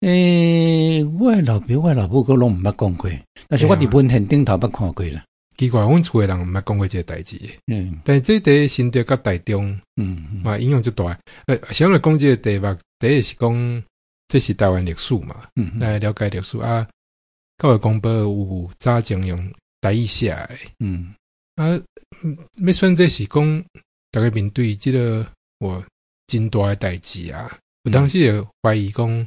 誒、欸，我誒老表、我誒老婆閣攏毋捌講過，但是我佇本肯定頭捌看過啦、啊。奇怪，阮厝誒人毋捌講過即個代志、欸嗯。嗯，但是呢啲新竹甲台中，嗯，嘛影響就大。誒，誒，想嚟講即個題目第一是講，即是台灣歷史嘛，嗯嗯，來了解歷史啊。教會公報有早前用，台語寫誒。嗯，啊，欲選即是講，逐個面對即個我真大誒代志啊，我當、這個啊、時也懷疑講。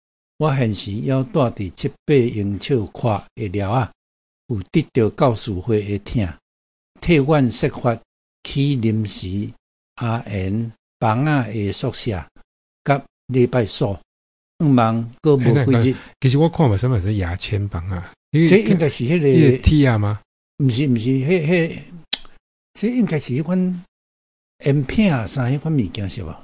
我現時要住的七八英尺寬的料啊，有得到教師會的聽，退換設法去臨時阿賢房啊誒宿舍，甲禮拜四唔忙，佫無規矩。其實我看嘛，上面是牙籤板啊，這應該是那個鐵牙嗎？唔是、嗯，唔是、欸，嘿嘿，這應該是一款 MP3 一款物件，是吧？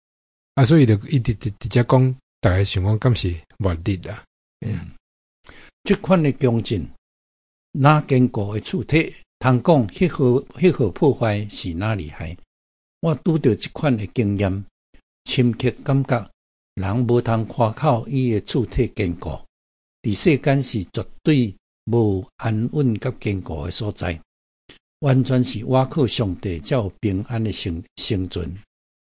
啊，所以就一直直直接講，逐、就、個、是、想講咁是無佇啦。嗯，即款嘅鋼筋若堅固嘅柱體，通講迄號迄號破壞是若厲害。bir mean: 我拄到即款嘅經驗，深刻感覺人無通誇口，伊嘅柱體堅固，佇世間是絕對無安穩甲堅固嘅所在，完全是倚靠上帝才有平安嘅生生存。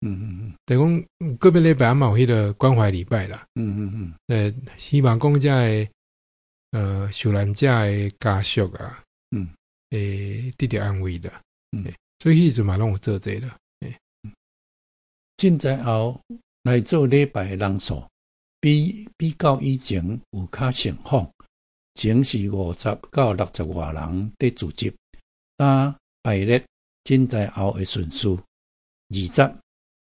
嗯嗯嗯，等於講嗰邊禮拜嘛有迄個關懷禮拜啦。嗯嗯嗯，希望講在誒受難者家屬啊，嗯，會得到安慰啦。嗯，所以迄時陣嘛攏有做即個啦。震災、嗯、後來做禮拜的人數比比較以前有卡情況，整是五十到六十外人佇組織，但排佇震災後的順序二十。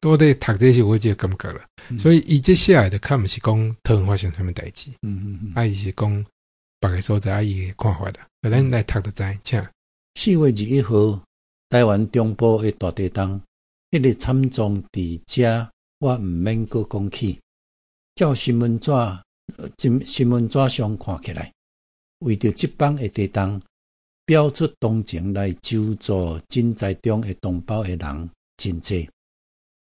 多啲讀這些，我個感覺了。嗯、所以以這些嚟睇唔是講突然發生啥物代誌，嗯嗯嗯、啊，啊，伊是講別個所在，啊，伊誒看法的。可能你讀得真正。請四月二一號，台灣中部誒大地震，迄日慘重地震。我毋免擱講起。照新聞紙，新新聞紙上看起來，為着即幫誒地動，表出同情來救助震災中誒同胞誒人，真濟。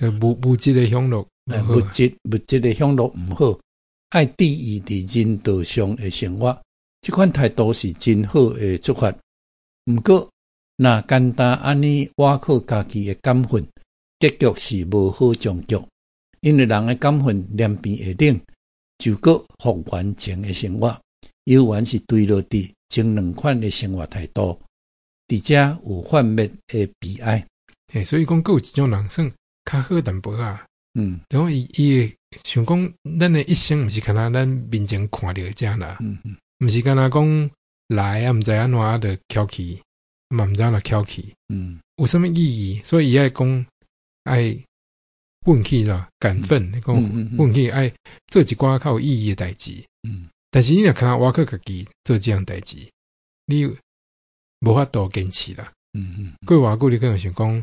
物質嘅享樂，物質物質嘅享樂毋好，愛第一佇人道上誒生活，即款態度是真好誒，出發毋過，若簡單安尼挖苦家己誒，感情，結局是無好結局。因為人誒，感情兩邊會冷，就佫互完整誒生活，又還是對立佇前兩款誒，生活態度，佇遮有反面誒悲哀。所以講，佫有一種人生。較好淡薄仔，嗯，然後伊伊想講，咱的一生毋是敢若咱面前看到遮啦，嗯嗯，毋是敢若講來啊，毋知安怎着的挑剔，毋知在阿挑剔，嗯，有，嗯有啥物意義？所以伊愛講，愛運氣啦，感奮，你講運氣，愛做一寡較有意義誒代誌，嗯，但是伊若敢若，我佫家己做即樣代誌，你無法度堅持啦，嗯嗯，過偌久你可能想講。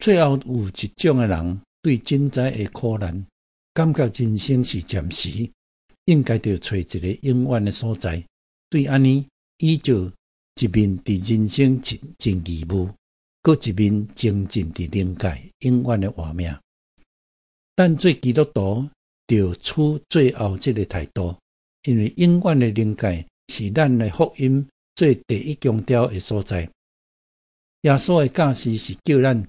最後有一種嘅人，對進財嘅苦難感覺，人生是暫時，應該著找一個永遠嘅所在。對安尼，伊就一面佇人生真真義務，擱一面前進佇靈界永遠嘅畫面。但做基督徒，要取最後這個態度，因為永遠嘅靈界是咱嘅福音最第一強調嘅所在。耶穌嘅教示是叫咱。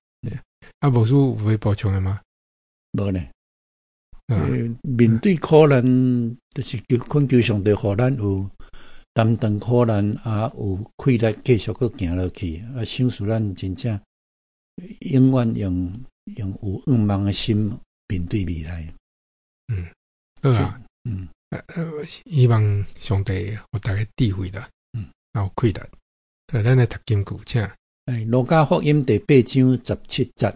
啊，無事有欲補充的嗎？無呢、嗯呃。面對苦難，著、就是求求上帝互咱有擔當；長長苦難啊，有氣力繼續擱行落去。啊，想使咱真正永遠用用有願望誒心面對未來。嗯，嗯，嗯，嗯啊，啊，嗯、啊，希望上帝有大家智慧啦。嗯，啊，有氣力，互咱呢讀經古經，哎、欸，羅家福音第八章十七節。